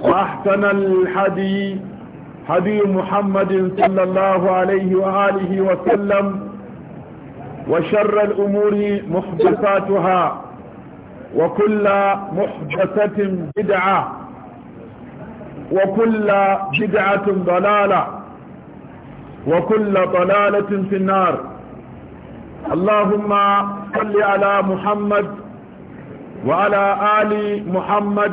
وأحسن الحدي حدي محمد صلى الله عليه وآله وسلم وشر الأمور محدثاتها وكل محدثة بدعة وكل بدعة ضلالة وكل ضلالة في النار اللهم صل على محمد وعلى آل محمد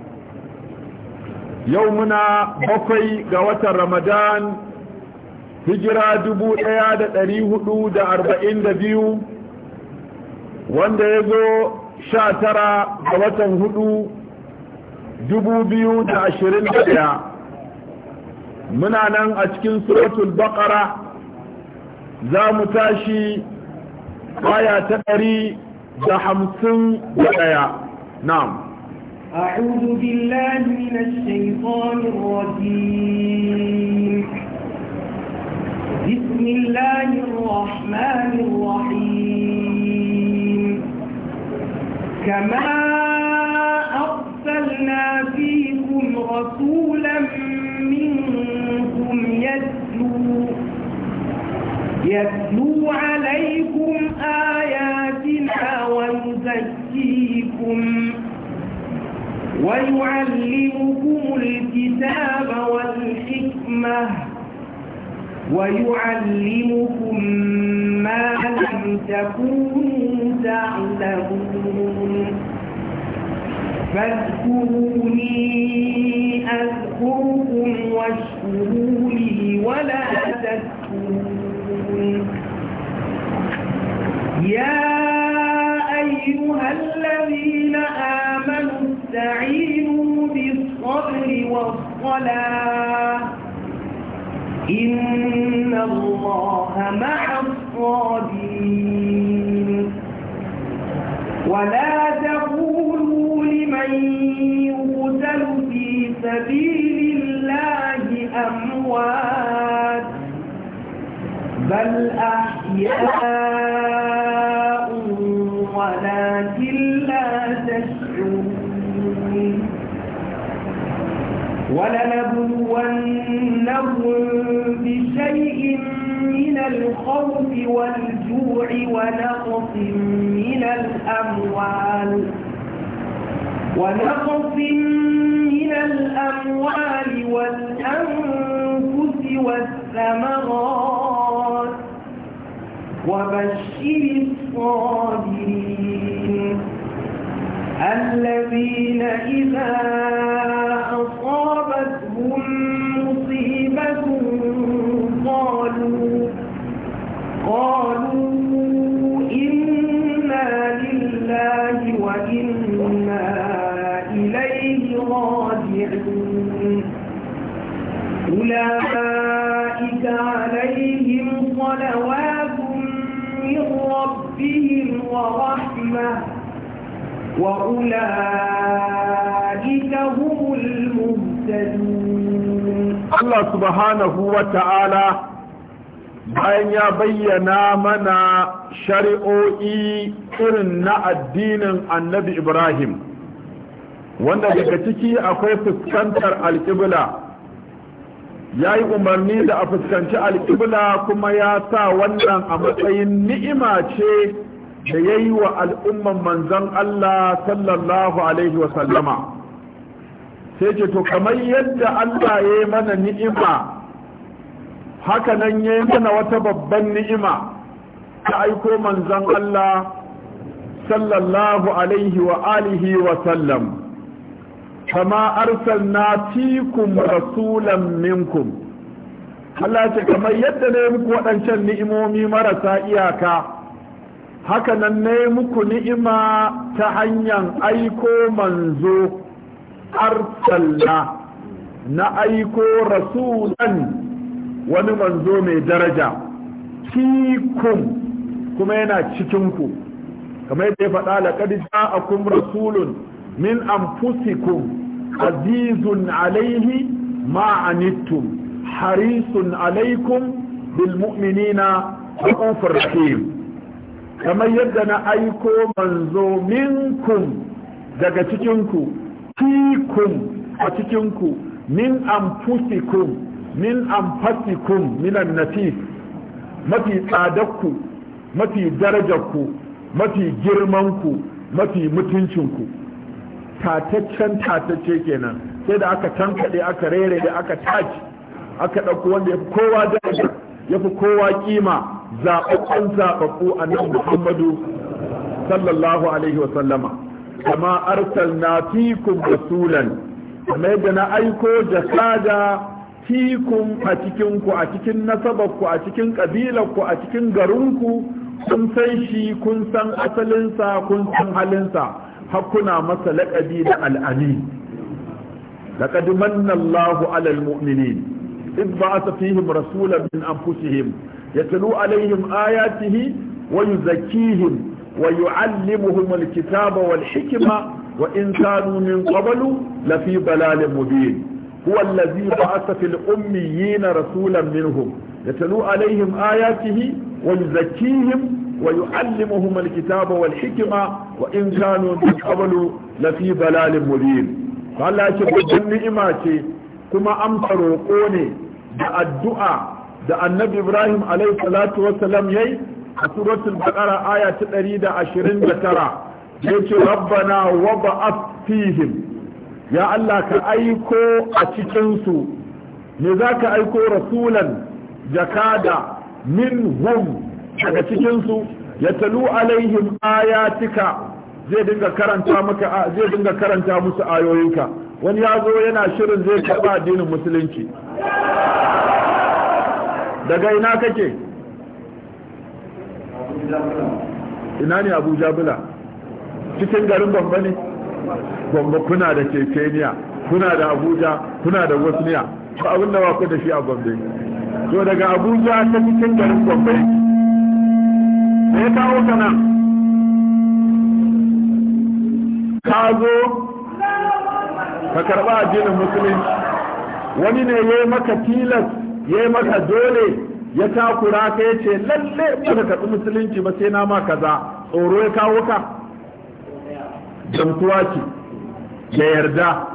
yau muna bakwai ga watan ramadan hijira dubu ɗaya da ɗari hudu da arba'in da biyu wanda ya zo sha tara ga watan hudu dubu biyu da ashirin da ɗaya muna nan a cikin suratul baƙara za mu tashi baya ta ɗari da hamsin da ɗaya na'am أعوذ بالله من الشيطان الرجيم بسم الله الرحمن الرحيم كما أرسلنا فيكم رسولا منكم يتلو يتلو عليكم آياتنا ويزكيكم ويعلمكم الكتاب والحكمة ويعلمكم ما لم تكونوا تعلمون فاذكروني أذكركم واشكروا لي ولا تذكرون يا أيها الذين آمنوا واستعينوا بالصبر والصلاة إن الله مع الصابرين ولا تقولوا لمن يقتل في سبيل الله أموات بل أحياء ولنبلونهم بشيء من الخوف والجوع ونقص من الأموال ونقص من الأموال والأنفس والثمرات وبشر الصابرين الذين إذا قالوا إنا لله وإنا إليه راجعون أولئك عليهم صلوات من ربهم ورحمة وأولئك هم المهتدون الله سبحانه وتعالى bayan ya bayyana mana shari'o'i irin na addinin annabi ibrahim wanda daga ciki akwai fuskantar alƙibla ya yi umarni da a fuskanci alƙibla kuma ya sa wannan a matsayin ni'ima ce da ya yi wa al'umman manzan allah sallallahu alaihi wasallama sai ce to kamar yadda allah ya yi mana ni'ima haka nan ya yi mana wata babban ni'ima ta aiko manzan Allah sallallahu alaihi wa alihi wa sallam kama arsalna fikum rasulan minkum Allah ce kamar yadda na yi muku waɗancan ni'imomi marasa iyaka haka nan yi muku ni'ima ta hanyar aiko manzo arsalna na aiko rasulan wani manzo mai daraja kum kuma yana cikin ku kamar yadda ya faɗa a ja'akum rasulun min anfusikum azizun alaihi ma anittum harisun alaikum bil mu'minina ƙofar rahim kamar yadda na aiko manzo minkum daga cikinku kum a cikinku min anfusikum min anfasikum minan nafis mafi tsadakku mafi darajarku mafi girmanku mafi mutuncinku tataccen tatacce kenan sai da aka tankaɗe aka rere da aka taci aka ɗauko wanda ya fi kowa daraja ya fi kowa kima zaɓaɓɓu a nan muhammadu sallallahu alaihi wa sallama kama arsalna fikum rasulan kamar yadda na aiko jakada fikum a cikinku a cikin nasabarku a cikin ƙabilarku a cikin garinku kun san shi kun san asalinsa kun san halinsa hakuna masa laƙabi da al'ani laqad manna Allahu 'alal mu'minin idh ba'atha fihim rasulan min anfusihim yatlu 'alayhim ayatihi wa yuzakkihim wa yu'allimuhum al-kitaba wal hikima, wa in kanu min qablu lafi dalalin mubin huwa allazi ba'atha fil ummiyina rasulan minhum yatlu alaihim ayatihi wa yuzakkihim ويعلمهم الكتاب والحكمة وإن كانوا من قبل لفي ضلال مبين قال لك بدن نعمة كما أمسر وقوني دع الدعاء دع النبي إبراهيم عليه الصلاة والسلام يي سورة البقرة آية تريد عشرين بكرة يقول ربنا وضعت فيهم ya Allah ka aiko a cikinsu me za ka aiko rasulan jakada min hum daga cikinsu ya talu alaihim ayatika zai dinga karanta maka zai dinga karanta musu ayoyinka wani ya zo yana shirin zai karba addinin musulunci daga ina kake ina ne abuja bula? cikin garin bambani ne gombe kuna da ceceniya kuna da abuja kuna da wasniya ba abin da ba ku da shi a gombe to daga abuja ta cikin garin gombe me ya kawo ka nan ka zo ka karba addinin musulunci wani ne ya maka tilas ya maka dole ya takura ka yace ce lalle ba ka karɓi musulunci ba sai na ma kaza tsoro ya kawo ka jamtuwa ce da yarda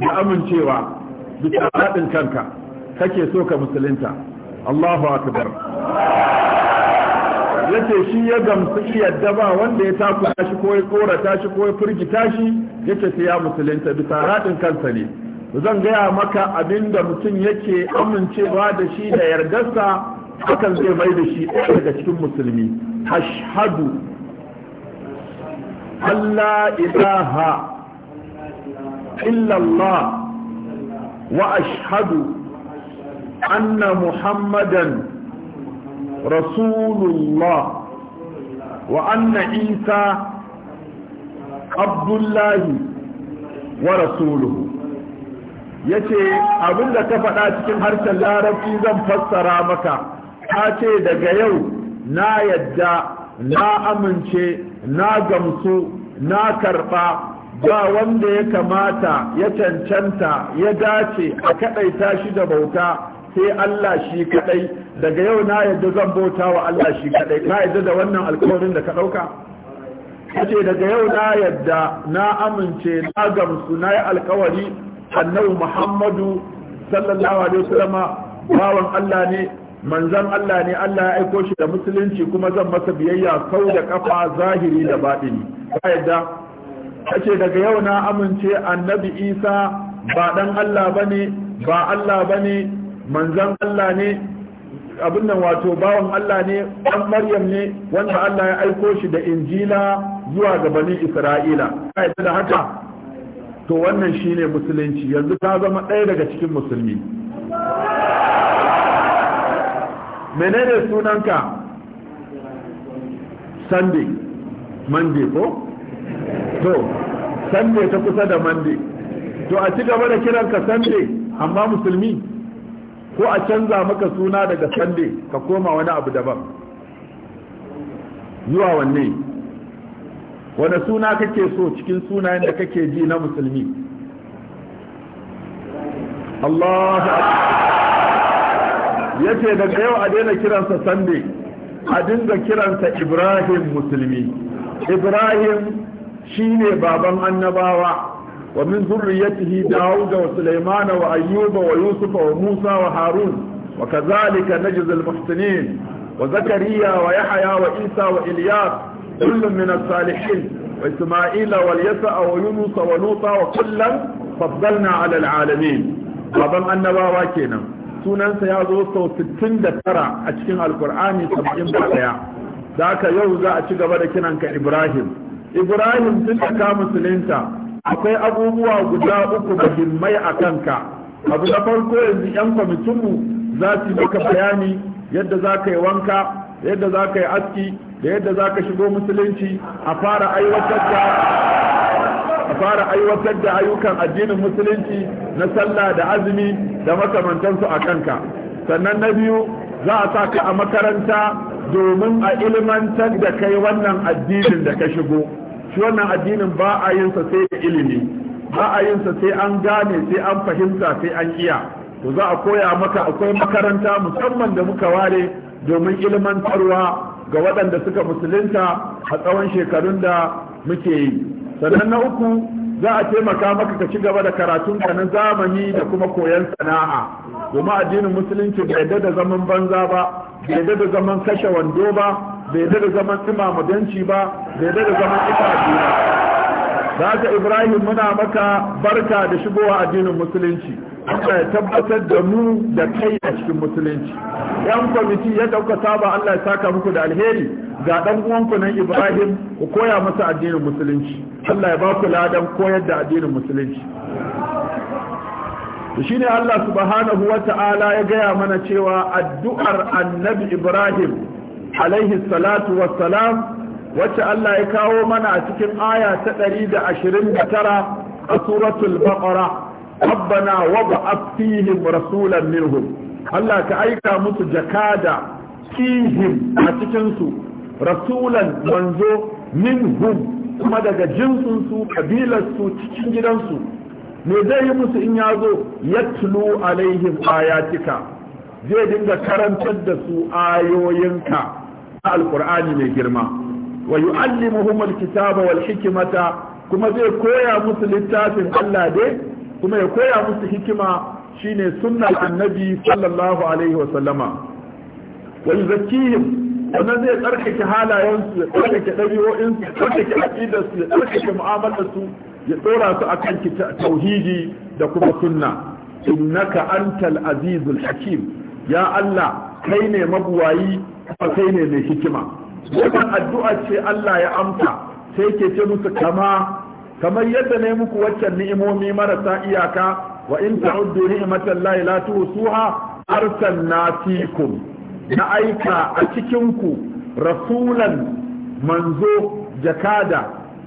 da amincewa bisa haɗin kanka kake so ka musulunta Allahu akbar yace shi ya gamsu yadda ba wanda ya takura shi ko ya korata shi ko ya firgita shi yace sai ya musulunta bisa haɗin kansa ne zan gaya maka abinda mutum yake amincewa da shi da yardarsa hakan zai mai da shi daga cikin musulmi ashhadu Allah ilaha illallah wa ashhadu anna muhammadan rasulullah wa anna isa abdullahi wa rasuluhu yace abinda ka faɗa cikin harshen larabci zan fassara maka ta ce daga yau na yadda na amince na gamsu na karɓa ba wanda ya kamata ya cancanta ya dace a kaɗaita shi da bauta sai Allah shi kaɗai daga yau na yadda zan bauta wa Allah shi kaɗai ka yadda da wannan alkawarin da ka ɗauka kace daga yau na yadda na amince na gamsu na yi alkawari annabi muhammadu sallallahu alaihi wasallama bawan Allah ne manzan Allah ne Allah ya aiko shi da musulunci kuma zan masa biyayya kau da kafa zahiri da baɗini ba yadda kace daga yau na amince annabi isa ba dan Allah bane ba Allah manzan Allah ne abin nan wato bawan Allah ne dan Maryam ne wanda Allah ya aiko shi da injila zuwa ga bani Isra'ila ba yadda da haka to wannan shine musulunci yanzu ta zama ɗaya daga cikin musulmi menene sunanka sunday monday ko to sunday ta kusa da monday to a ci gaba da kiranka sunday amma musulmi ko a canza maka suna daga sunday ka koma wani abu daban zuwa wanne wani suna kake so cikin sunayen da kake ji na musulmi Allahu akbar ya ce daga yau a daina kiransa sande a dinga kiransa ibrahim musulmi ibrahim shine baban annabawa wa min zurriyatihi dawuda wa sulaimana wa ayyuba wa yusufa wa musa wa harun wa kazalika najzi almuhsinin wa zakariya wa yahya wa isa wa ilyas kullun min as-salihin wa isma'ila wa yasa wa yunus wa luta wa kullan faddalna 'ala al-'alamin baban annabawa kenan sunansa ya zo sau sittin da tara a cikin alkur'ani 71 da aka yau za a ci gaba da kiranka ibrahim ibrahim tun da ka musulunta akwai abubuwa guda uku muhimmai a kanka abu na farko yanzu 'yan kwamitinmu za su maka bayani yadda za ka yi wanka yadda za ka yi aski da yadda za ka shigo musulunci a fara aiwatar da a fara aiwatar da ayyukan addinin musulunci na sallah da azumi da makamantansu a kanka sannan na biyu za a sa a makaranta domin a ilmantar da kai wannan addinin da ka shigo shi wannan addinin ba a yin sa sai da ilimi ba a yin sa sai an gane sai an fahimta sai an iya to za a koya maka akwai makaranta musamman da muka ware domin ilmantarwa ga waɗanda suka musulunta a tsawon shekarun da muke yi sannan na uku za a taimaka maka ka ci gaba da karatun ka na zamani da kuma koyon sana'a domin addinin musulunci bai yadda da zaman banza ba bai yadda da zaman kashe wando ba bai yadda da zaman imama danci ba bai yadda da zaman itace ba da haka ibrahim muna maka barka da shigowa addinin musulunci Allah ya tabbatar da mu da kai a cikin musulunci yan kwamiti ya dauka saba Allah ya saka muku da alheri ga dan uwanku nan Ibrahim ku koya masa addinin musulunci Allah ya ba ku ladan koyar da addinin musulunci shi ne Allah subhanahu wa ta'ala ya gaya mana cewa addu'ar annabi Ibrahim alaihi salatu salam, wacce Allah ya kawo mana a cikin aya ta 129 a suratul baqara rabbana wab'ath fihim rasulan minhum Allah ka aika musu jakada fihim a cikinsu rasulan wanzo minhum kuma daga jinsinsu, kabilarsu, cikin gidansu me zai yi musu in ya zo yatlu alaihim ayatika zai dinga karantar da su ayoyinka na alkur'ani mai girma wa alli alkitaba wal hikmata kuma zai koya musu littafin Allah dai kuma ya koya musu hikima shine sunnar annabi sallallahu alaihi wa sallama wa yuzakkihim wannan zai tsarkake halayensu ya tsarkake ɗabi'o'insu ya tsarkake aƙidarsu ya tsarkake mu'amalarsu ya ɗora su a kan tauhidi da kuma sunna innaka antal azizul hakim ya Allah kai ne mabuwayi kuma kai ne mai hikima wannan addu'a ce Allah ya amsa sai ke ce musu kama kamar yadda ne muku waccan ni'imomi marasa iyaka wa in ta'uddu ni'matan la la tuhsuha arsalna fikum na aika a cikin ku rasulan manzo jakada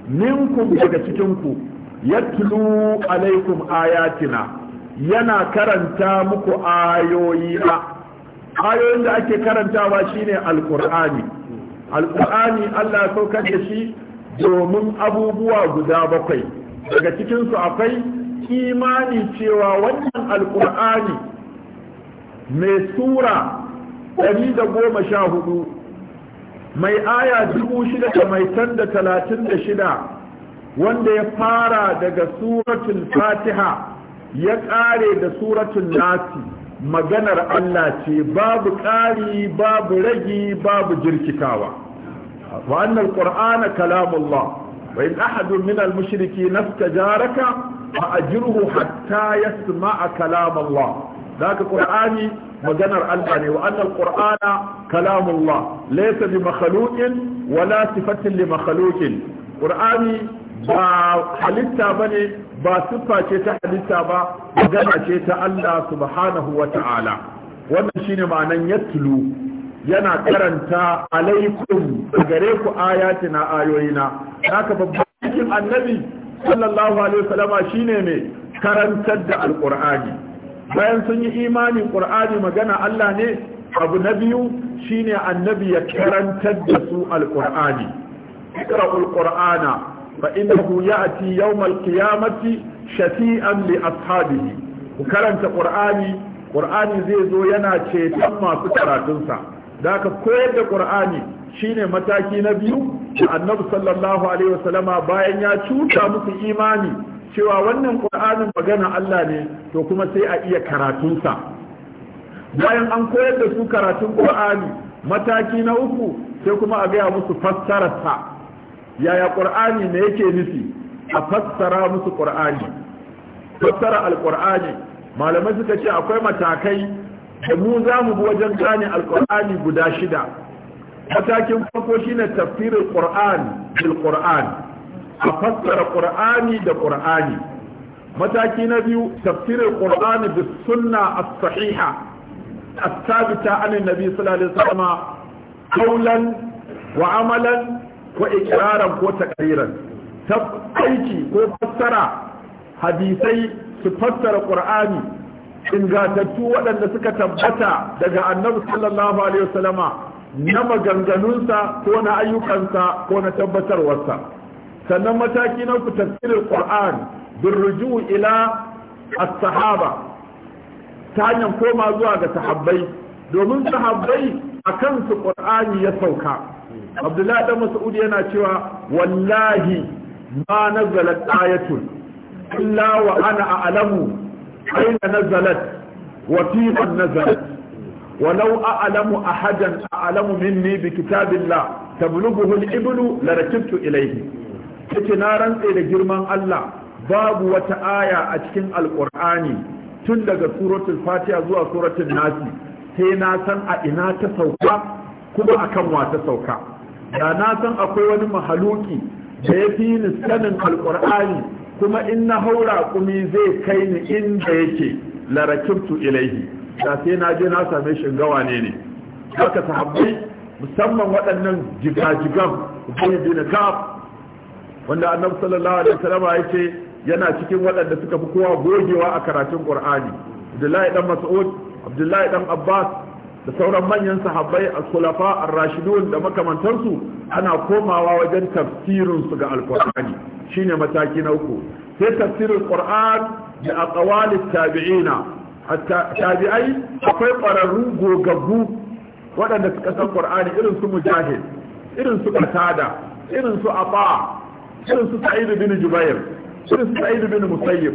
minkum daga cikin ku yatlu alaikum ayatina yana karanta muku ayoyi ayoyin da ake karantawa shine alqur'ani alqur'ani Allah saukar da shi domin abubuwa guda bakwai daga cikinsu akwai imani cewa wannan alkur'ani mai sura 114 mai aya 6,636 wanda ya fara daga suratun fatiha ya kare da suratun nasi maganar Allah ce babu kari, babu ragi babu jirkitawa. wa anna alqur'ana kalamullah wa in ahadun min almushriki nastajaraka fa ajruhu hatta yasma'a kalamallah ذاك قرآني مجنى الألباني وأن القرآن كلام الله ليس بمخلوق ولا صفة لمخلوق قرآني حلتا بني با صفة شيتا حلتا با مجنى شيتا الله سبحانه وتعالى ومن شين معنى يتلو yana karanta alaikum gare ku na ayoyina haka babban cikin annabi sallallahu alaihi wasallama shine ne karantar da alqur'ani bayan sun yi imani qur'ani magana Allah ne abu na biyu shine annabi ya karantar da su alqur'ani ikra'ul qur'ana fa innahu ya'ti yawm al shafi'an li ashabihi ku karanta qur'ani qur'ani zai zo yana ceton masu karatunsa da ka koyar da qur'ani shine mataki na biyu da annabi sallallahu alaihi wasallama bayan ya cuta musu imani cewa wannan ƙur'anin magana Allah ne to kuma sai a iya karatunsa bayan an koyar da su karatun qur'ani mataki na uku sai kuma a gaya musu fassararsa yaya qur'ani ne yake nufi a fassara musu qur'ani fassara alƙur'ani malamai suka ce akwai matakai da mu za mu bi wajen gane alkur'ani guda shida matakin farko shine tafsirin qur'an bil qur'an a fassara qur'ani da qur'ani mataki na biyu tafsirin qur'ani bis sunna as-sahiha as-sabita an Nabi sallallahu alaihi wasallam qawlan wa amalan wa ko takriran aiki ko fassara hadisai su fassara qur'ani ingantattu waɗanda suka tabbata daga annabi sallallahu alaihi wasallama na maganganunsa ko na ayyukansa ko na tabbatarwarsa sannan mataki na ku tafsirin qur'an birruju ila as-sahaba ta hanyar koma zuwa ga sahabbai domin sahabbai a kansu qur'ani ya sauka abdullahi dan mas'ud yana cewa wallahi ma nazalat ayatun illa wa ana a'lamu na أين نزلت وفيما نزلت ولو أعلم أحدا أعلم مني بكتاب الله تبلغه na rantse da girman Allah babu wata aya a cikin القرآن tun daga suratul fatiha zuwa suratul nasi sai na san a ina ta sauka kuma akan wa ta sauka da na san akwai wani mahaluki da ya fi ni sanin alkur'ani kuma in na haura kumi zai kai ni inda yake larakibtu ilaihi da sai na je na same shi gawa ne ne haka sahabbai musamman waɗannan jigajigan ubay bin kaf wanda annabi sallallahu alaihi wasallam ya ce yana cikin waɗanda suka fi kowa gogewa a karatun qur'ani abdullahi dan mas'ud abdullahi dan abbas da sauran manyan sahabbai al-khulafa ar-rashidun da makamantansu ana komawa wajen tafsirin su ga alqur'ani shine mataki na uku sai tafsirin qur'an da aqwalit tabi'ina tabi'ai akwai ƙwararru gogaggu waɗanda suka san qur'ani irin su mujahid irin su qatada irin su afa irin su saidu bin jubair irin su saidu bin musayyib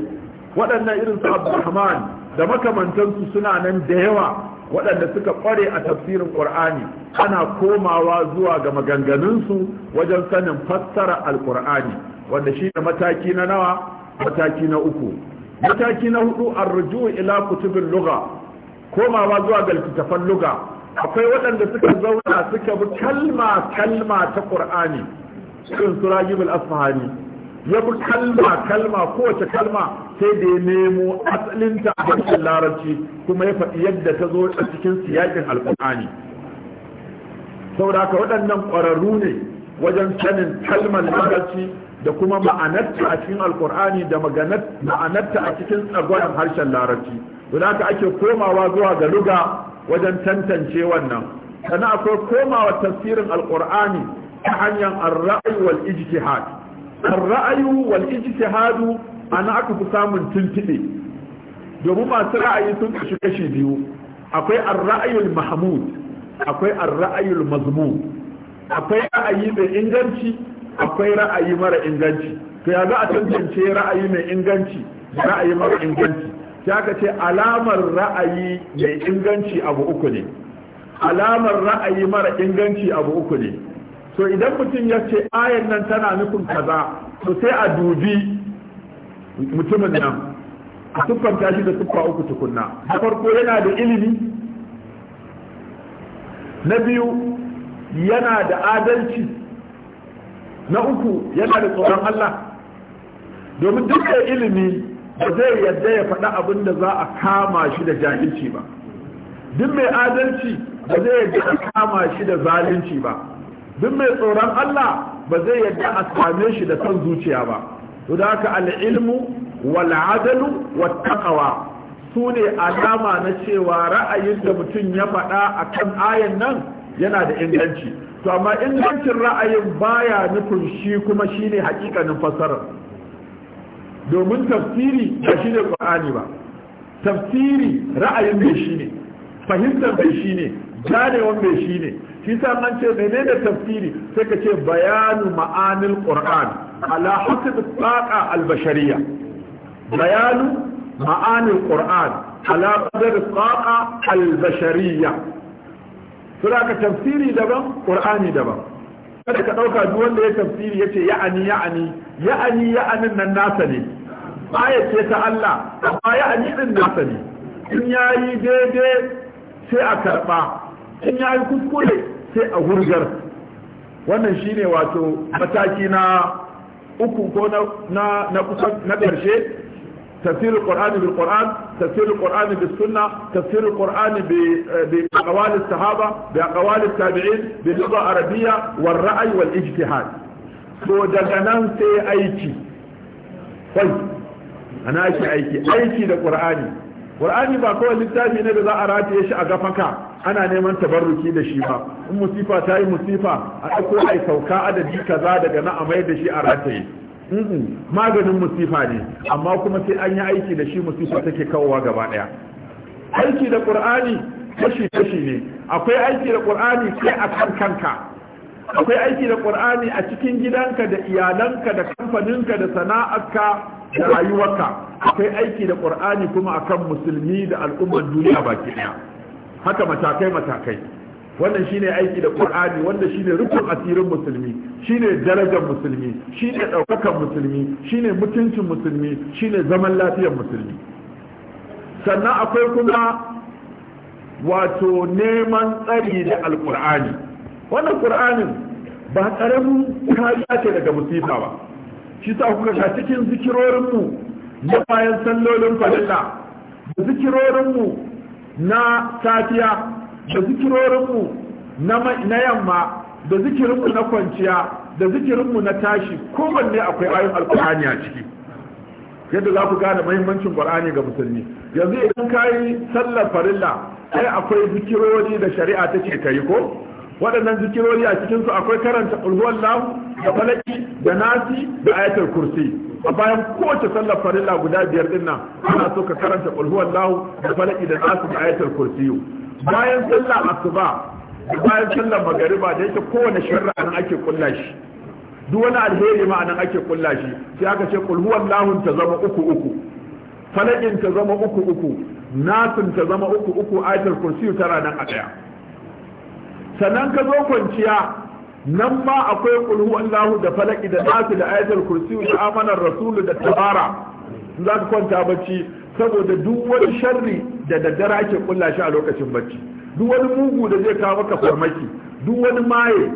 waɗannan irin su abdurrahman da makamantansu suna nan da yawa waɗanda suka ƙware a tafsirin ƙur'ani ana komawa zuwa ga maganganunsu wajen sanin fassara alƙur'ani wanda shi da mataki na nawa mataki na uku mataki na hudu arruju ila kutubin lugha komawa zuwa ga littattafan luga akwai waɗanda suka zauna suka bi kalma kalma ta qur'ani cikin surajib al-asfahani ya bi kalma kalma kowace kalma sai da ya nemo asalinta a harshen larabci kuma ya faɗi yadda ta zo a cikin siyakin alƙur'ani saboda haka waɗannan ƙwararru ne wajen sanin kalmar larabci da kuma ma'anarta a cikin alkur'ani da ma'anarta a cikin tsagwaron harshen larabci don haka ake komawa zuwa ga luga wajen tantance wannan sannan akwai komawa tafsirin alkur'ani ta hanyar ar wal ijtihad ar-ra'ayi wal ijtihad ana aka fi samun tuntube domin masu ra'ayi sun kashi kashi biyu akwai arra'ayul mahmud akwai ar-ra'ayul mazmum akwai ra'ayi mai inganci akwai ra'ayi mara inganci to ya za a tantance ra'ayi mai inganci ra'ayi mara inganci sai aka ce alamar ra'ayi mai inganci abu uku ne alamar ra'ayi mara inganci abu uku ne so idan mutum ya ce ayan nan tana nufin kaza to sai a dubi mutumin nan a siffanta shi da siffa uku tukunna na farko yana da ilimi na biyu yana da adalci na uku yana da tsoron Allah domin duk da ilimi ba zai yadda ya faɗa abin da za a kama shi da jahilci ba duk mai adalci ba zai yadda a kama shi da zalunci ba duk mai tsoron Allah ba zai yadda a same shi da son zuciya ba to da haka al-ilmu wal adalu wat taqwa su alama na cewa ra'ayin da mutum ya faɗa akan ayan nan yana da inganci to amma ingancin ra'ayin baya nufin shi kuma shine hakikanin fasarar domin tafsiri ba shine qur'ani ba tafsiri ra'ayin mai shine fahimtar mai shine ganewan mai shine shi sa an ce menene tafsiri sai ka ce bayanu ma'anil qur'an ala hasab taqa al bashariyya bayanu ma'anil qur'an ala qadar taqa al suna ka tafsiri daban ƙur'ani daban kada ka ɗauka duk wanda ya tafsiri ya ce ya'ani ya'ani ya'ani ya'anin nan nasa ne aya ce ta Allah amma ya'ani din nasa ne in yi daidai sai a karɓa in yi kuskure sai a hurgar wannan shine wato mataki na uku ko na na na ƙarshe تفسير القرآن بالقرآن تفسير القرآن بالسنة تفسير القرآن بأقوال الصحابة بأقوال التابعين باللغة العربية والرأي والاجتهاد so daga nan sai aiki kwai ana shi aiki aiki da qur'ani qur'ani ba kawai littafi ne da za a rataye shi a gafaka ana neman tabarruki da shi ba in musifa ta yi musifa a ɗauko ai sauka adadi kaza daga na amai da shi a rataye maganin musifa ne amma kuma sai an yi aiki da shi musifa take kawowa gaba ɗaya. aiki da qur'ani kashi kashi ne akwai aiki da qur'ani sai a kan kanka akwai aiki da ƙur'ani a cikin gidanka da iyalanka da kamfaninka da sana'arka da rayuwarka akwai aiki da ƙur'ani kuma akan musulmi da al'ummar duniya baki daya haka matakai matakai wannan shine aiki da qur'ani wanda shine rukun asirin musulmi shine darajar musulmi shine daukakan musulmi shine mutuncin musulmi shine zaman lafiyar musulmi sannan akwai kuma wato neman tsari da alqur'ani wannan qur'anin ba karamin kariya ce daga musifa ba shi sa kuka ga cikin zikirorinmu na bayan sallolin zikirorin zikirorinmu na safiya da zikirorinmu na yamma da zikirinmu na kwanciya da zikirinmu na tashi kowanne akwai ayin alkur'ani a ciki yadda za ku gane mahimmancin qur'ani ga musulmi yanzu idan ka yi sallar farilla sai akwai zikirori da shari'a ta ce ka yi ko waɗannan zikirori a cikinsu akwai karanta ulhuwallahu da falaki da nasi da ayatul kursi a bayan kowace sallar farilla guda biyar din nan ana so ka karanta qul lahu da falaki da nasu da ayatul kursiyu bayan sallar asuba bayan sallar magariba da yake kowane shari'a nan ake kulla shi duk wani alheri ma nan ake kulla shi sai aka ce qul lahun ta zama uku uku falakin ta zama uku uku nasin ta zama uku uku ayatul kursiyu tara nan a daya sannan ka zo kwanciya nan ma akwai kulhu Allahu da falaki da nasu da ayatul kursi da amanar rasulu da tabara za ka kwanta bacci saboda duk wani sharri da daddara ke kulla shi a lokacin bacci duk wani mugu da zai kawo maka farmaki duk wani maye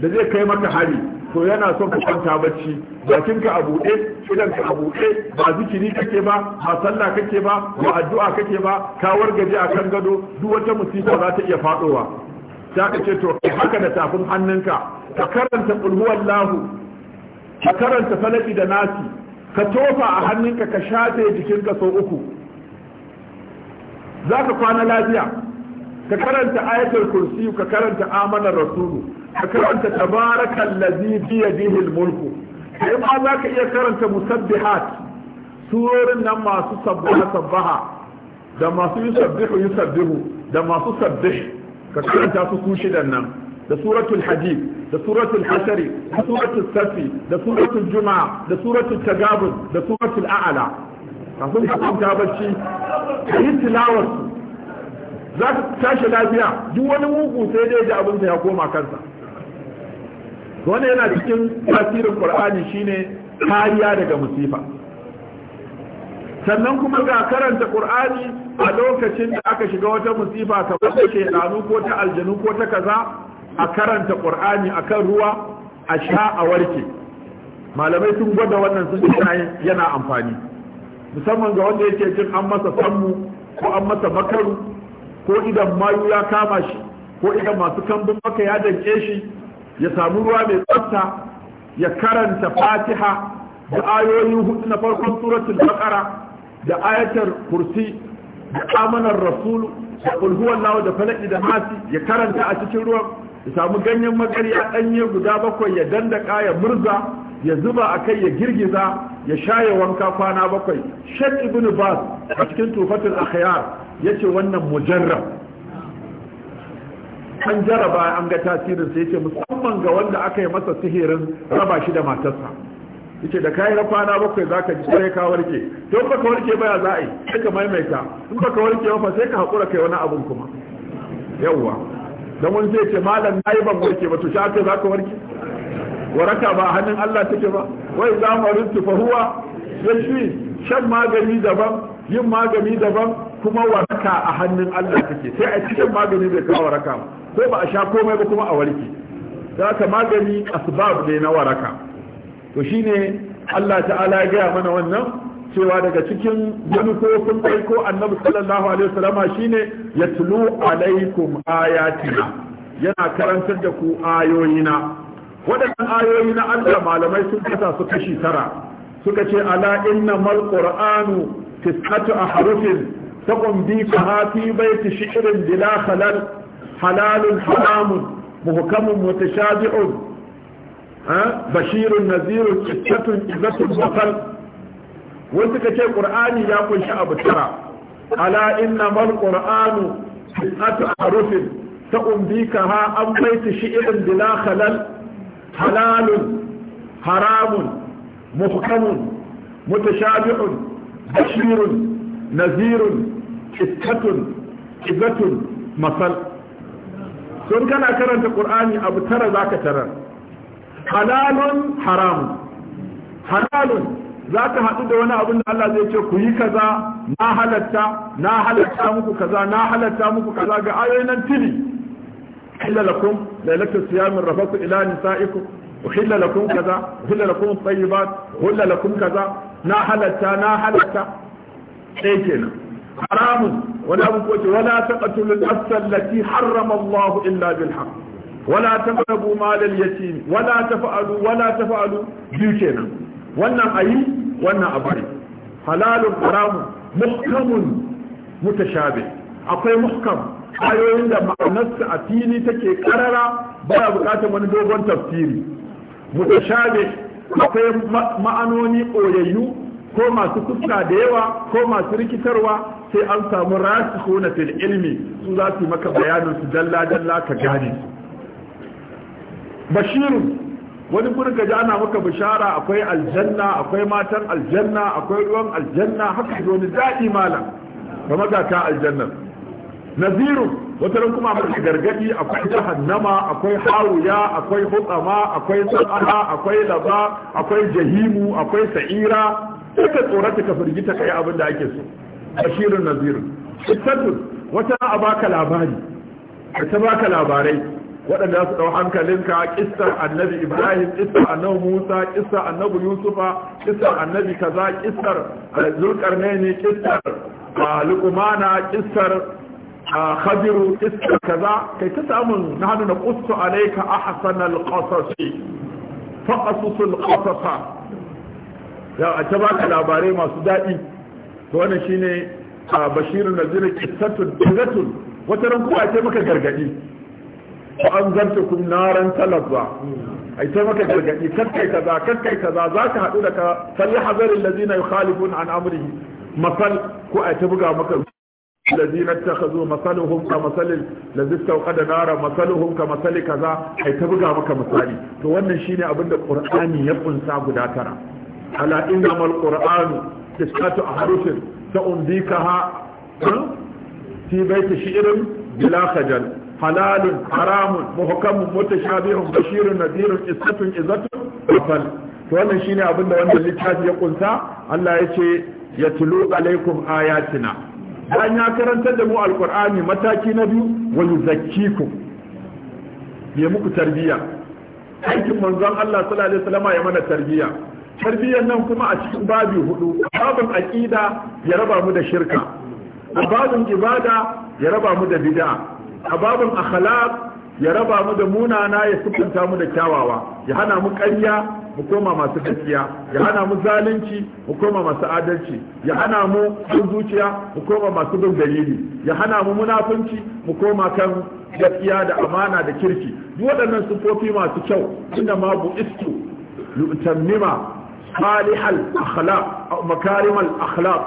da zai kai maka hari to yana son ka kwanta bacci bakinka a buɗe idan ka a buɗe ba zikiri kake ba ba sallah kake ba ba addu'a kake ba ka wargaje akan gado duk wata musiba za ta iya faɗowa za ka ce to haka da tafin hannunka ka karanta ƙulhuwan lahu ka karanta falaki da nasi ka tofa a hannunka ka shafe jikinka sau uku za ka kwana lafiya ka karanta ayatul kursi ka karanta amanar rasulu ka karanta tabarakan lazi biyadihi mulku sai ma za ka iya karanta musabbihat surorin nan masu sabbaha sabbaha da masu yusabbihu yusabbihu da masu sabbih ka karanta su su shidan nan da suratul hadid da suratul hasari da suratul safi da suratul juma'a da suratul tagabun da suratul a'ala kafin ka kwanta bacci ka yi tilawar su za ka tashi lafiya duk wani mugu sai dai da abin da ya koma kansa wannan yana cikin tasirin qur'ani shine kariya daga musifa sannan kuma ga karanta qur'ani a lokacin da aka shiga wata musifa kamar da shedanu ko ta aljanu ko ta kaza a karanta qur'ani akan ruwa a sha a warke malamai sun gwada wannan sun yana amfani musamman ga wanda yake jin an masa sammu ko an masa makaru ko idan mayu ya kama shi ko idan masu kambun maka ya danke shi ya samu ruwa mai tsafta ya karanta fatiha da ayoyi hudu na farkon suratul baqara da ayatar kursi da amanar rasulu da ƙulhuwan lawa da falaki da nasi ya karanta a cikin ruwan ya samu ganyen a ɗanye guda bakwai ya dandaka ya murza ya zuba a kai ya girgiza ya shaye wanka kwana bakwai shek ibn bas a cikin tufatul ya ce wannan mujarrab an jaraba an ga tasirin sai ce musamman ga wanda aka yi masa sihirin raba shi da matarsa yace da kai na kwana bakwai zaka ji sai ka warke to baka warke baya za a yi sai ka maimaita in baka warke ba sai ka hakura kai wani abun kuma yawwa dan wani zai ce malam nayi ban warke ba to sha ka zaka warke waraka ba hannun Allah take ba wai za mu rintu fa huwa yashi shan magani daban yin magani daban kuma waraka a hannun Allah take sai a cikin magani bai kawo waraka ko ba a sha komai ba kuma a warke da magani asbab ne na waraka to shine Allah ta'ala ya gaya mana wannan cewa daga cikin manufofin aiko annabi sallallahu alaihi wasallama shine tulu alaikum ayatina yana karantar da ku ayoyina waɗannan ayoyi na Allah malamai sun kasa su kashi tara suka ce ala inna mal qur'anu tis'atu ahrufin taqum bi fi baiti shi'rin bila halal halalun haramun muhkamun mutashabi'un bashirun nazirun kitatun izatul basar wani suka ce qur'ani ya kunshi abu tara ala inna mal qur'anu qitatu arufin ta umbika ha an baiti shi'rin bila khalal halalun haramun muhkamun mutashabi'un bashirun nazirun kitatun izatun masal sun kana karanta qur'ani abu tara zaka tarar halalun haramun. halalun za ka haɗu da wani abin da Allah zai ce ku yi kaza na halatta na halatta muku kaza na halatta muku kaza ga ayoyin nan tili illa lakum lailatul siyamin rafatu ila nisaikum uhilla lakum kaza uhilla lakum tayyibat uhilla lakum kaza na halatta na halatta sai kenan haramun wani abu ko ce wala taqtulul nafsa allati harrama Allah illa bil haqq wala taqrabu malal yatim wala taf'alu wala taf'alu biyu kenan wannan ayi wannan abari halalun haramun muhkamun mutashabih akwai muhkam ayoyin da ma'anarsa a fili take karara baya bukatar wani dogon tafsiri mutashabih akwai ma'anoni koyayyu ko masu kuka da yawa ko masu rikitarwa sai an samu ko fil ilmi su za su maka bayanin su dalla dalla ka gane su bashirun wani gurin gaji ana maka bishara akwai aljanna akwai matan aljanna akwai ruwan aljanna haka zo ni daɗi malam ga aljanna naziru wata ran kuma maka gargadi akwai jahannama akwai hawuya akwai hutsama akwai sa'ara akwai laba akwai jahimu akwai sa'ira sai ka tsorata ka firgita kai abin da ake so bashirin naziru sittatun wata a baka labari ta baka labarai waɗanda su ɗau hankalinka kissar annabi ibrahim kissar annabi musa kissar annabi yusufa kissar annabi kaza ne ne, kissar luqmana kissar eh, khadiru kissar kaza kai ta samun nahnu naqussu alayka ahsana alqasas faqasus alqasas ya a ta baka labarai masu daɗi to wannan shine eh, bashirun nazir kissatun wata ran kuma ce maka gargadi ba an zanta kun naran talab ba ai ta maka gargadi kakkai kaza kakkai kaza za ka haɗu da ka falli hazarin lazina yukhalifun an amrihi masal ko ai ta buga maka الذين ta مثلهم كمثل الذي استوقد نارا مثلهم كمثل كذا اي تبغى maka misali to wannan shine abinda qur'ani ya kunsa guda tara ala innamal qur'anu tisatu ahrufin sa'undikaha fi baiti shi'rin bila khajal halalun haramun muhkamun mutashabihun bashirun nadirun isatun izatun afal to wannan shine abin da wannan littafi ya kunsa Allah ya ce ya alaikum ayatina dan ya karantar da mu alqur'ani mataki na biyu wa yuzakkikum ya muku tarbiya aikin manzon Allah sallallahu alaihi ya mana tarbiyya. tarbiyyar nan kuma a cikin babi huɗu. babin aqida ya raba mu da shirka babin ibada ya raba mu da bid'a a babin akhlaq ya raba mu da munana ya sukunta mu da kyawawa ya hana mu ƙarya mu koma masu gaskiya ya hana mu zalunci mu koma masu adalci ya hana mu bin zuciya mu koma masu bin dalili ya hana mu munafunci mu koma kan gaskiya da amana da kirki duk waɗannan sufofi masu kyau inda ma bu istu yu'tammima salihal akhlaq makarimal akhlaq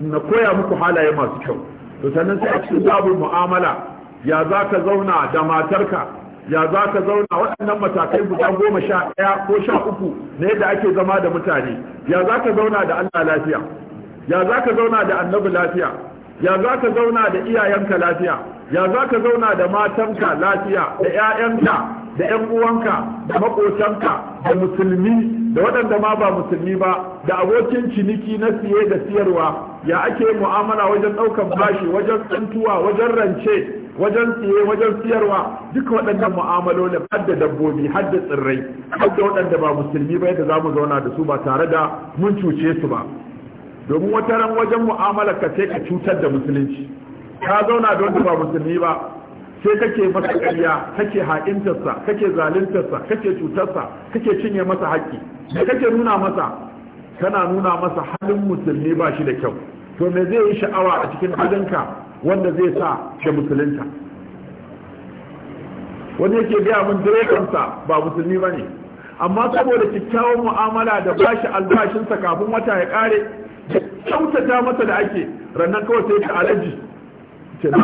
na koya muku halaye masu kyau to sannan sai a cikin babu mu'amala ya za ka zauna da matarka ya za ka zauna waɗannan matakai guda goma sha ɗaya ko sha uku na yadda ake zama da mutane ya za ka zauna da Allah lafiya ya za ka zauna da annabi lafiya ya za ka zauna da iyayenka lafiya ya za ka zauna da matanka lafiya da 'ya'yanka da 'yan uwanka da maƙotanka da musulmi da waɗanda ma ba musulmi ba da abokin ciniki na siye da siyarwa ya ake mu'amala wajen ɗaukan bashi wajen tsantuwa wajen rance wajen siye wajen siyarwa duka waɗannan mu'amalolin har da dabbobi har da tsirrai har da waɗanda ba musulmi ba yadda za mu zauna da su ba tare da mun cuce su ba domin wata ran wajen mu'amala ka sai ka cutar da musulunci ka zauna da wanda ba musulmi ba sai kake masa ƙarya kake ha'intarsa kake zaluntarsa kake cutarsa kake cinye masa haƙƙi da kake nuna masa kana nuna masa halin musulmi ba shi da kyau to me zai yi sha'awa a cikin halinka wanda zai sa ke musulunta wani yake gaya min direbansa ba musulmi ba ne amma saboda kyakkyawan mu'amala da bashi albashinsa kafin wata ya kare kyautata masa da ake rannan kawai sai ka alaji ce na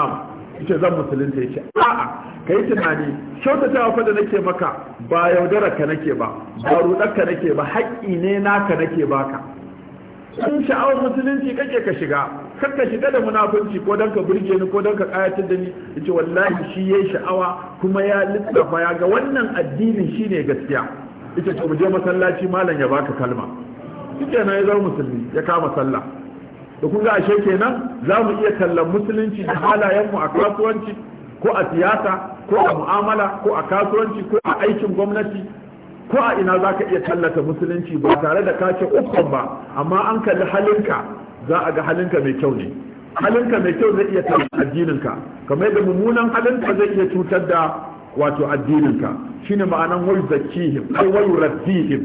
ce zan musulunta ya ce a'a ka yi tunani kyautata fa da nake maka ba yaudara ka nake ba ba rudar ka nake ba haƙƙi ne naka nake baka in sha'awar musulunci kake ka shiga kar ka shiga da munafunci ko dan ka burge ni ko don ka kayatar da ni yace wallahi shi yayi sha'awa kuma ya lissafa ya ga wannan addinin shine gaskiya yace to mu je masallaci malam ya baka kalma kike na ya zama musulmi ya kama sallah da kun ga ashe kenan za mu iya tallan musulunci da halayenmu a kasuwanci ko a siyasa ko a mu'amala ko a kasuwanci ko a aikin gwamnati ko a ina za ka iya tallata musulunci ba tare da kace ukun ba amma an kalli halinka za a ga halinka mai kyau ne halinka mai kyau zai iya tallata addininka kamar yadda mummunan halinka zai iya cutar da wato addininka shine ma'anan wal zakihim ai wal rabbihim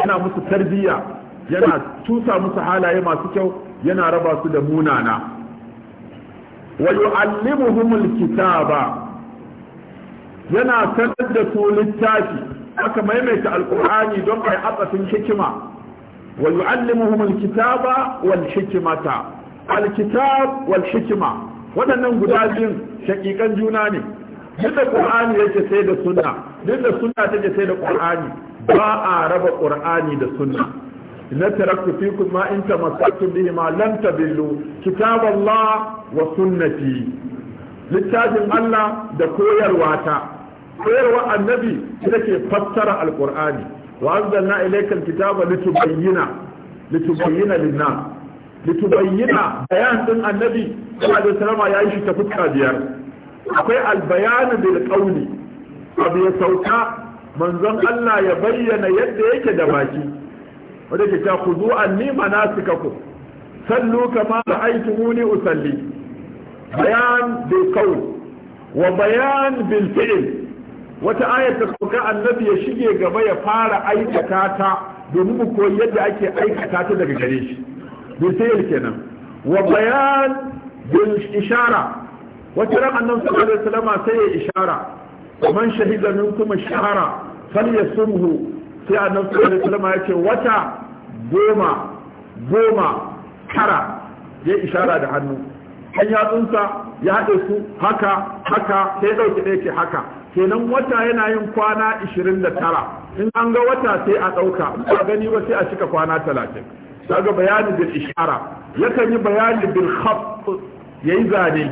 yana musu tarbiya yana tusa musu halaye masu kyau yana raba su da munana wa yu'allimuhumul kitaba yana sanar da su littafi aka maimaita alkur'ani don kai akasin hikima wa yu'allimuhum alkitaba wal hikmata alkitab wal hikma waɗannan guda biyun shakikan juna ne duk da qur'ani yake sai da sunna duk da sunna take sai da qur'ani ba a raba qur'ani da sunna inna taraktu fikum ma in tamassaktum bihi ma lan tabillu kitab wa sunnati littafin Allah da koyarwa ta koyarwa annabi ita ke fassara alqur'ani wa anzalna ilayka alkitaba litubayyana litubayyana linnas litubayyana bayan din annabi sallallahu alaihi wasallam ya yi shi ta fuska biyar akwai albayanu da qawli abu ya sauka manzon Allah ya bayyana yadda yake da baki wanda ke ta kuzu anni manasikakum sallu kama ra'aytumuni usalli bayan bil qawl wa bayan bil wata ayar ta suka annabi ya shige gaba ya fara aikata ta domin mu koyi yadda ake aikata ta daga gare shi bisayil kenan wa bayan bil ishara wata ran annabi sallallahu alaihi wasallam sai ya ishara man shahida minkum shahara falyasumhu sai annabi sallallahu alaihi wasallam ya ce wata goma goma kara, ya ishara da hannu an yatsunsa ya haɗe su haka haka sai ya ɗauki ɗaya ke haka kenan wata yana yin kwana da tara in an ga wata sai a ɗauka ba gani ba sai a cika kwana talatin daga bayani bil ishara yakan yi bayani bil khabb ya yi zane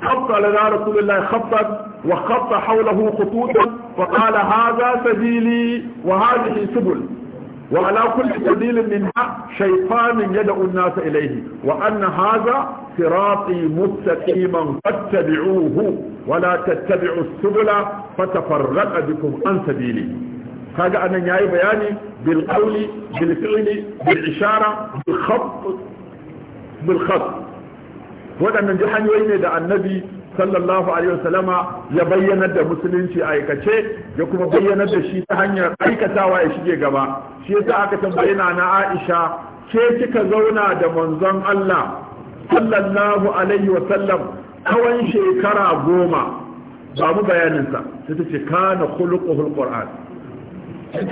khabb ala na rasulullahi khabban wa khabba haulahu khututun wa haza sabili wa hazihi subul وعلى كل سبيل منها شيطان يدعو الناس إليه وأن هذا صراطي مستقيما فاتبعوه ولا تتبعوا السبل فتفرق بكم عن سبيلي هذا انا yayi بياني بالقول بالفعل بالإشارة بالخط بالخط ishara bil khat bil النبي sallallahu alaihi wasallama ya bayyanar da musulunci aikace ya kuma bayyanar da shi ta hanyar aikatawa ya shige gaba shi yasa aka tambaye na Aisha ke kika zauna da manzon Allah sallallahu alaihi wasallam tsawon shekara goma ba mu bayaninsa sai ta ce kana khuluquhul qur'an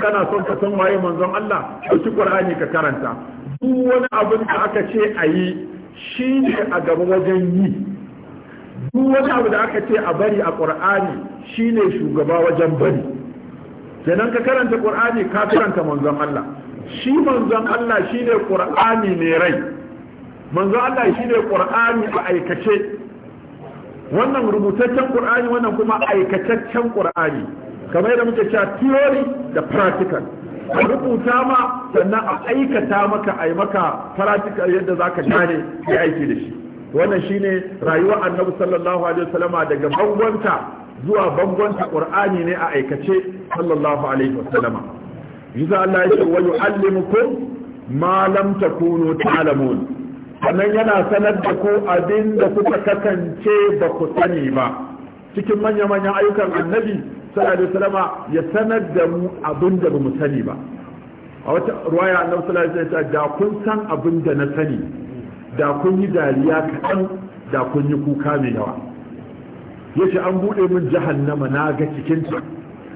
kana son ka san waye manzon Allah ɗauki qur'ani ka karanta duk wani abin da aka ce a yi shi ne a gaba wajen yi duk wani abu da aka ce a bari a ƙur'ani shine shugaba wajen bari kenan ka karanta ƙur'ani ka karanta manzon Allah shi manzon Allah shine ƙur'ani ne rai manzon Allah shine ƙur'ani a aikace wannan rubutaccen ƙur'ani, wannan kuma aikataccen ƙur'ani. kamar yadda muke cewa theory da practical a rubuta ma sannan a aikata maka a maka practical yadda zaka gane ya aiki da shi wannan shine rayuwar annabi sallallahu alaihi wasallama daga bangonta zuwa bangonta qur'ani ne a aikace sallallahu alaihi wasallama yuza Allah yake wa yu'allimukum ma lam takunu ta'lamun wannan yana sanar da ku abin da kuka kasance ba ku sani ba cikin manya-manyan ayyukan annabi sallallahu alaihi wasallama ya sanar da mu abin da mu sani ba a wata ruwaya annabi sallallahu alaihi wasallam da kun san abin da na sani da kun yi dariya kaɗan da kun yi kuka mai yawa ya ce an buɗe min jahannama na ga cikinta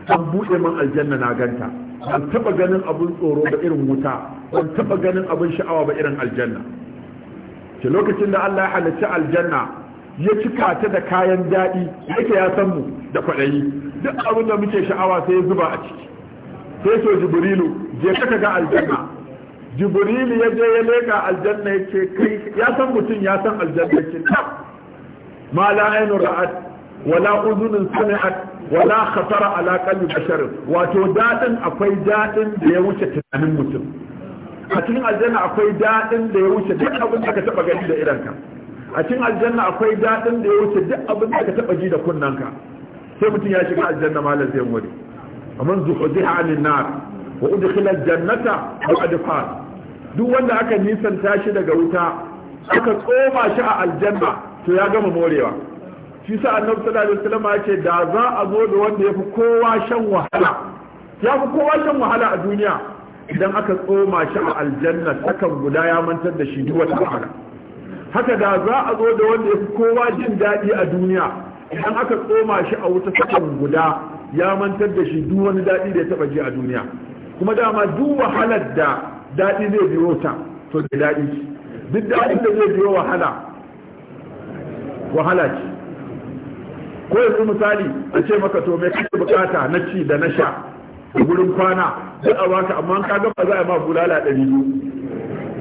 an buɗe min aljanna na ganta ban taɓa ganin abin tsoro ba irin wuta ban taɓa ganin abin sha'awa ba irin aljanna ce lokacin da Allah ya halarci aljanna ya cika ta da kayan daɗi yake ya san mu da kwaɗayi duk abin da muke sha'awa sai ya zuba a ciki sai so jibrilu je ka ga aljanna jibril ya je ya leka aljanna ya ce kai ya san mutum ya san aljanna ce tab ma la ainu ra'at wala udhunun sami'at wala khatara ala qalbi bashar wato dadin akwai dadin da ya wuce tunanin mutum a cikin aljanna akwai dadin da ya wuce duk abin da ka taba gani da ka. a cikin aljanna akwai dadin da ya wuce duk abin da ka taba ji da ka. sai mutum ya shiga aljanna malam zai wuri amma zuhudiha anin nar wa udkhila aljannata bi adfar duk wanda aka nisanta shi daga wuta aka tsoma shi a aljanna to ya gama morewa shi sa annabi sallallahu alaihi wasallam ya ce da za a zo da wanda yafi kowa shan wahala ya fi kowa shan wahala a duniya idan aka tsoma shi a aljanna sakan guda ya mantar da shi duk wata wahala haka da za a zo da wanda yafi kowa jin daɗi a duniya idan aka tsoma shi a wuta sakan guda ya mantar da shi duk wani daɗi da ya taɓa ji a duniya kuma dama duk wahalar da daɗi zai biyo ta to da daɗi duk daɗin da zai biyo wahala wahala ce ko yanzu misali a ce maka to mai kake bukata na ci da na sha da gurin kwana da a baka amma ka ga ba za a ma bulala ɗari biyu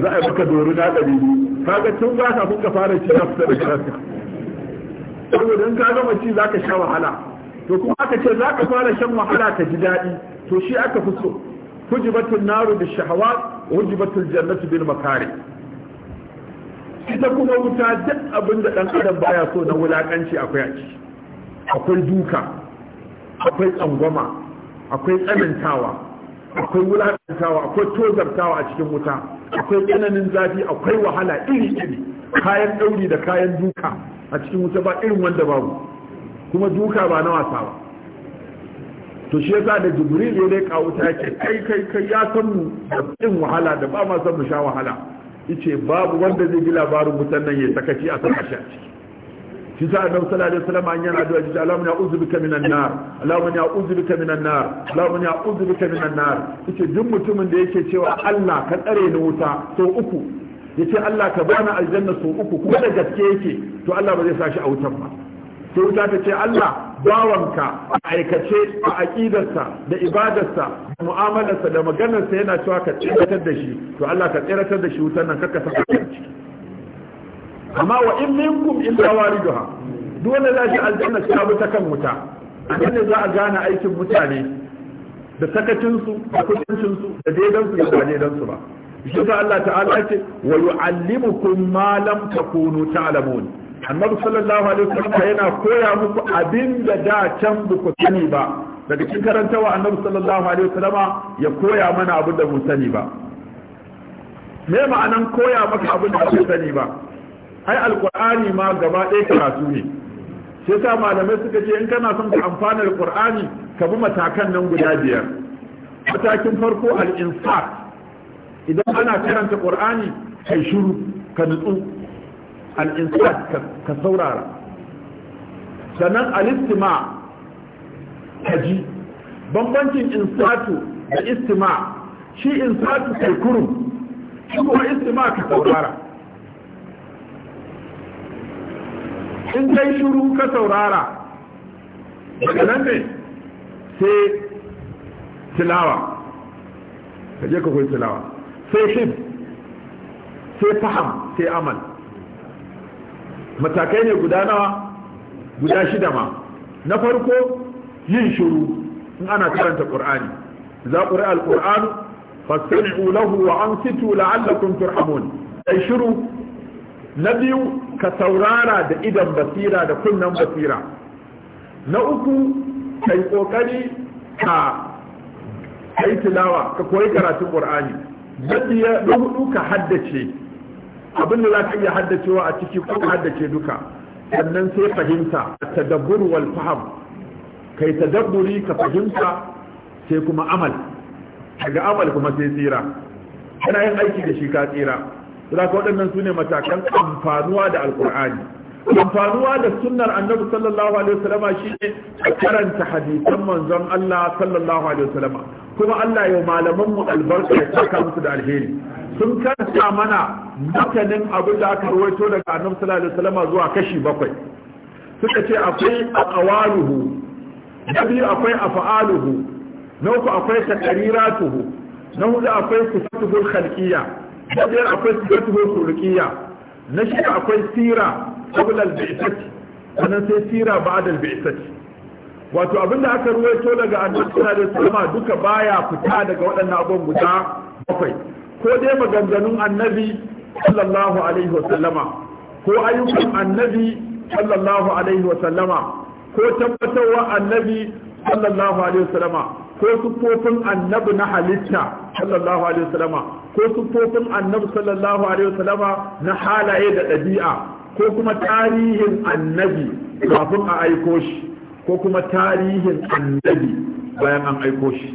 za a maka doro na ɗari biyu ga tun ba ka kuka fara ci na fita da karanta. saboda in ka gama ci za ka sha wahala to kuma aka ce za ka fara shan wahala ka ji daɗi to shi aka fi so kujibatun naru da shahawat wujibatul jannatu bil makari ita kuma wuta duk abin da dan adam baya so na wulakanci akwai a ciki akwai duka akwai tsangwama akwai tsanantawa akwai wulakantawa akwai tozartawa a cikin wuta akwai tsananin zafi akwai wahala iri iri kayan dauri da kayan duka a cikin wuta ba irin wanda babu kuma duka ba na wasa ba to shi yasa da jibril ya dai kawo ta ce kai kai kai ya san mu da ɗin wahala da ba ma san mu sha wahala yace babu wanda zai ji labarin wutan nan ya sakaci a saka shi a ciki shi sa annabi sallallahu alaihi wasallam an yana addu'a ji Allahumma ya'udhu bika minan nar Allahumma ya'udhu bika minan nar Allahumma ya'udhu bika minan nar yace duk mutumin da yake cewa Allah ka tsare ni wuta sau uku yace Allah ka bani aljanna sau uku kuma da gaske yake to Allah ba zai sa shi a wutan ba sai wuta ta ce Allah bawanka a aikace a aƙidarsa da ibadarsa da mu'amalarsa da maganarsa yana cewa ka tsiratar da shi to Allah ka tsiratar da shi wutar nan kakka saka ciki amma wa in minkum illa wariduha Dole za shi aljanna ta bi ta kan wuta a za a gane aikin mutane da sakacinsu da kudancinsu da daidansu da ba su ba shi Allah ta'ala ce wa yu'allimukum ma lam takunu ta'lamun annabi sallallahu alaihi wasallam yana koya muku abin da da can ba ku sani ba daga cikin karantawa annabi sallallahu alaihi wasallama ya koya mana abin da mu sani ba me ma'anan koya maka abin da ba sani ba ai alqur'ani ma gaba ɗaya karatu ne sai sa malamai suka ce in kana son ka amfana alqur'ani ka bi matakan nan guda biyar matakin farko al-insaf idan ana karanta qur'ani kai shiru ka nutsu al'insan ka saurara sannan al'istima ka ji bambancin insatu da istima shi insatu kai kurum shi kuma istima ka saurara in kai shuru ka saurara daga nan ne sai tilawa ka je ka koyi tilawa sai hib sai faham sai amal matakai ne guda nawa guda shida ma na farko yin shiru in ana karanta qur'ani za qura al-qur'an fastami'u lahu wa ansitu la'allakum turhamun ai shiru na biyu ka saurara da idan basira da kunnan basira na uku kai kokari ka kai tilawa ka koyi karatun qur'ani na hudu ka haddace abin da za ka iya haddacewa a ciki ko ka haddace duka sannan sai fahimta tadabbur wal faham kai tadabburi ka fahimta sai kuma amal daga amal kuma sai tsira kana yin aiki da shi ka tsira ka waɗannan sune matakan amfanuwa da alkur'ani amfanuwa da sunnar annabi sallallahu alaihi wasallama shine karanta hadisan manzon Allah sallallahu alaihi wasallama kuma Allah ya malaman mu albarka ya saka musu da alheri sun karanta mana matanin abin da aka rawaito daga annabi sallallahu alaihi wasallam zuwa kashi bakwai suka ce akwai aqwaluhu na biyu akwai afa'aluhu na uku akwai taqriratuhu na huɗu akwai sifatuhul khalqiyya na biyar akwai sifatuhul khulqiyya na shida akwai sira qabla al-bi'sati sannan sai sira ba'da al-bi'sati wato abinda aka ruwaito daga annabi da alaihi duka baya fita daga waɗannan abun guda bakwai ko dai maganganun annabi sallallahu alaihi wasallama ko ayyukan annabi sallallahu alaihi wasallama ko tabbatarwa annabi sallallahu alaihi wasallama ko sufofin annabi na halitta sallallahu alaihi wasallama ko sufofin annabi sallallahu alaihi wasallama na halaye da ɗabi'a ko kuma tarihin annabi kafin a aiko shi ko kuma tarihin annabi bayan an aiko shi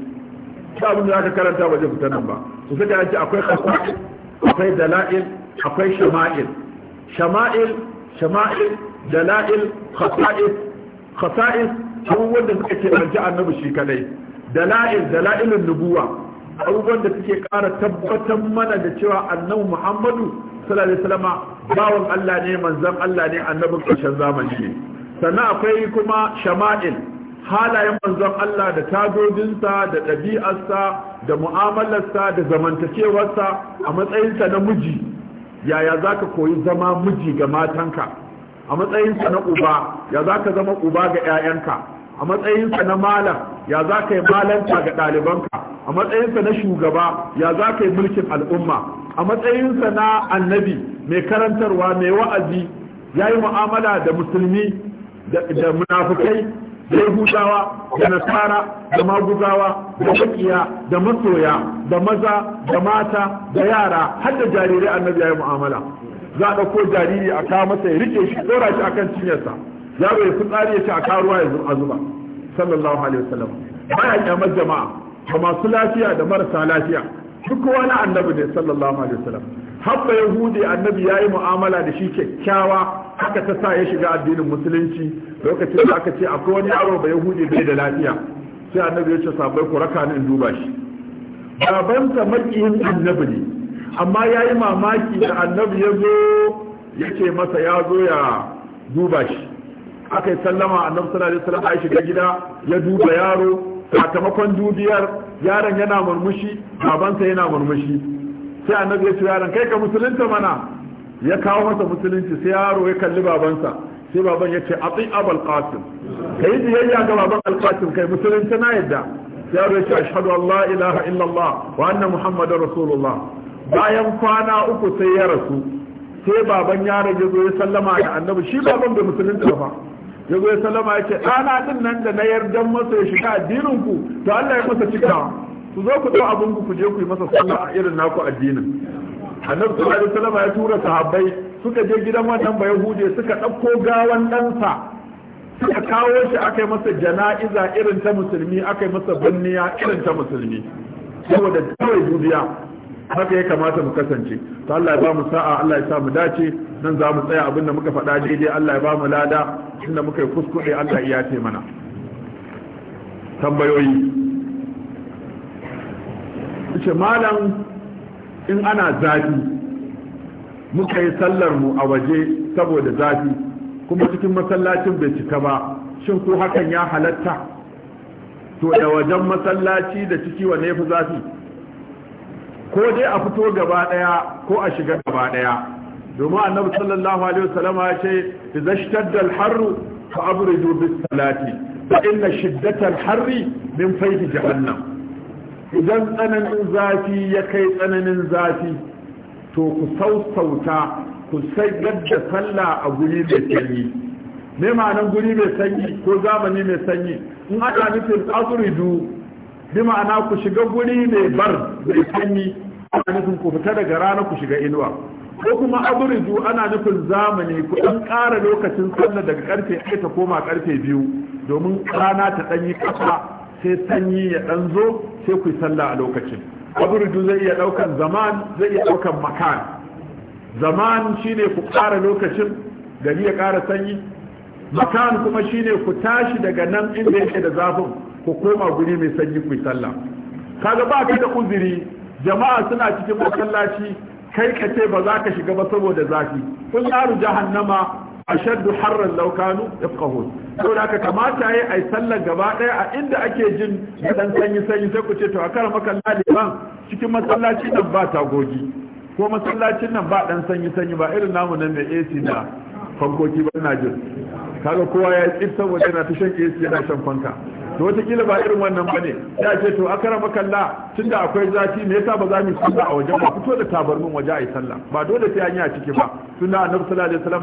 ba abin da aka karanta ba zai fita nan ba su suka yanci akwai khasa'il akwai dala'il akwai shama'il shama'il shama'il dala'il khasa'il khasa'il abubuwan wanda suka ke manci annabi shi kadai dala'il dala'ilun nubuwa abubuwan da suke kara tabbatar mana da cewa annabi muhammadu sallallahu alaihi wasallama bawan Allah ne manzon Allah ne annabin ƙarshen zamani ne sannan akwai kuma shama'il halayen manzon Allah da tajojinsa da ɗabi'arsa da mu'amalarsa da zamantakewarsa a matsayinsa na miji yaya za ka koyi zama miji ga matanka a matsayinsa na uba ya za ka zama uba ga 'ya'yanka a matsayinsa na malam ya za ka yi malanta ga ɗalibanka a matsayinsa na shugaba ya za ka yi mulkin al'umma a matsayinsa na annabi mai karantarwa mai wa'azi ya yi mu'amala da musulmi da munafukai da yahudawa da nasara da maguzawa da shakiya da masoya da maza da mata da yara har da jarirai annabi yayi mu'amala za a ɗauko jariri a kawo masa ya rike shi ɗora shi akan cinyarsa yaro ya fitsari ya ci a karuwa ya a zuba sallallahu alaihi wasallam baya kyamar jama'a da masu lafiya da marasa lafiya duk wani annabi da sallallahu alaihi wasallam habba yahudi annabi yayi mu'amala da shi kyakkyawa haka ta sa ya shiga addinin musulunci lokacin da aka ce akwai wani yaro ba yahudi bai da lafiya sai annabi ya ce sabai ku raka ni in duba shi babansa makiyin annabi ne amma yayi mamaki da annabi ya zo ya ce masa ya zo ya duba shi aka sallama annabi sallallahu alaihi wasallam ya shiga gida ya duba yaro sakamakon dubiyar yaron yana murmushi babansa yana murmushi sai annabi ya ce yaron kai ka musulunta mana ya kawo masa musulunci sai yaro ya kalli babansa sai baban ya ce atsi abal qasim kai biyayya ga baban al qasim kai musulunta na yadda yaro ya ce ashhadu an la ilaha illallah wa anna muhammadar rasulullah bayan kwana uku sai ya rasu sai baban yaron ya zo ya sallama da annabi shi baban bai musulunta ba ya goyi salama ya ce ɗana ɗin nan da na yarda masa ya shiga addinin ku to Allah ya masa cikawa su zo ku ɗau abin ku je ku yi masa sallah a irin naku addinin annabi sallallahu alaihi wasallam ya tura sahabbai suka je gidan wannan ba yahude suka ɗauko gawan ɗansa suka kawo shi aka yi masa jana'iza irin ta musulmi aka yi masa banniya irin ta musulmi saboda kawai dubiya haka ya kamata mu kasance to Allah ya ba mu sa'a Allah ya sa mu dace nan za mu tsaya abinda muka faɗa daidai Allah ya ba mu lada inda muka yi kuskure Allah ya ce mana tambayoyi ce malam in ana zafi muka yi sallar mu a waje saboda zafi kuma cikin masallacin bai cika ba shin ko hakan ya halatta to da wajen masallaci da ciki wa fi zafi ko dai a fito gaba daya ko a shiga gaba daya domin annabi sallallahu alaihi wasallam ya ce idza al-harru fa abridu bis salati fa inna shiddata al-harri min fayti jahannam idan tsananin zafi ya kai tsananin zafi to ku sausauta ku sai gadda sallah a guri mai sanyi me ma'anan guri mai sanyi ko zamani mai sanyi in aka nufin abridu bi ma'ana ku shiga guri mai bar mai sanyi ana nufin ku fita daga rana ku shiga inuwa ko kuma aburiju ana nufin zamani ku dan ƙara lokacin sallah daga karfe ɗaya ta koma karfe 2 domin rana ta danyi kasa sai sanyi ya dan zo sai ku sallah a lokacin aburiju zai iya daukan zaman zai iya daukan makan zaman shine ku ƙara lokacin gari ya ƙara sanyi makan kuma shine ku tashi daga nan inda yake da zafin ku koma guri mai sanyi ku yi sallah kaga ba kai da uzuri jama'a suna cikin masallaci kai ka ce ba za ka shiga ba saboda zafi kun yaru jahannama ashaddu harran law kanu yafqahun saboda haka kamata yayi ai sallar gaba daya a inda ake jin dan sanyi sanyi sai ku ce to a kar maka laliban cikin masallaci nan ba tagogi ko masallacin nan ba dan sanyi sanyi ba irin namu nan da AC da fankoki ba ina jin kaga kowa ya tsif saboda yana ta shan AC yana shan fanka to wataƙila ba irin wannan ba ne ya ce to akara makalla tun da akwai zafi me yasa ba za mu sallah a wajen ba fito da tabarmin waje a yi sallah ba dole sai an yi a ciki ba tun annabi sallallahu alaihi